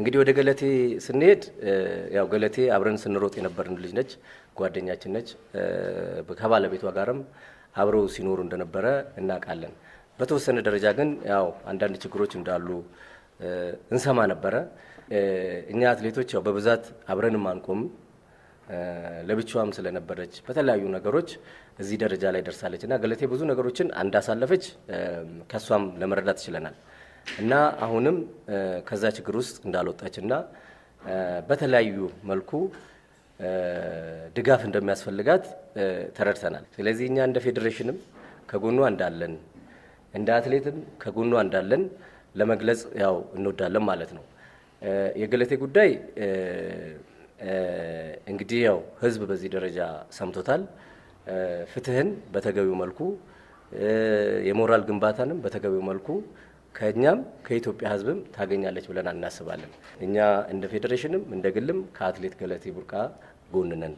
እንግዲህ ወደ ገለቴ ስንሄድ ያው ገለቴ አብረን ስንሮጥ የነበርን ልጅ ነች፣ ጓደኛችን ነች። ከባለቤቷ ጋርም አብረው ሲኖሩ እንደነበረ እናውቃለን። በተወሰነ ደረጃ ግን ያው አንዳንድ ችግሮች እንዳሉ እንሰማ ነበረ። እኛ አትሌቶች ያው በብዛት አብረንም አንቆም ለብቻዋም ስለነበረች በተለያዩ ነገሮች እዚህ ደረጃ ላይ ደርሳለች እና ገለቴ ብዙ ነገሮችን እንዳሳለፈች ከእሷም ለመረዳት ችለናል። እና አሁንም ከዛ ችግር ውስጥ እንዳልወጣች እና በተለያዩ መልኩ ድጋፍ እንደሚያስፈልጋት ተረድተናል። ስለዚህ እኛ እንደ ፌዴሬሽንም ከጎኗ እንዳለን፣ እንደ አትሌትም ከጎኗ እንዳለን ለመግለጽ ያው እንወዳለን ማለት ነው። የገለቴ ጉዳይ እንግዲህ ያው ህዝብ በዚህ ደረጃ ሰምቶታል። ፍትህን በተገቢው መልኩ የሞራል ግንባታንም በተገቢው መልኩ ከእኛም ከኢትዮጵያ ሕዝብም ታገኛለች ብለን እናስባለን። እኛ እንደ ፌዴሬሽንም እንደ ግልም ከአትሌት ገለቴ ቡርቃ ጎን ነን።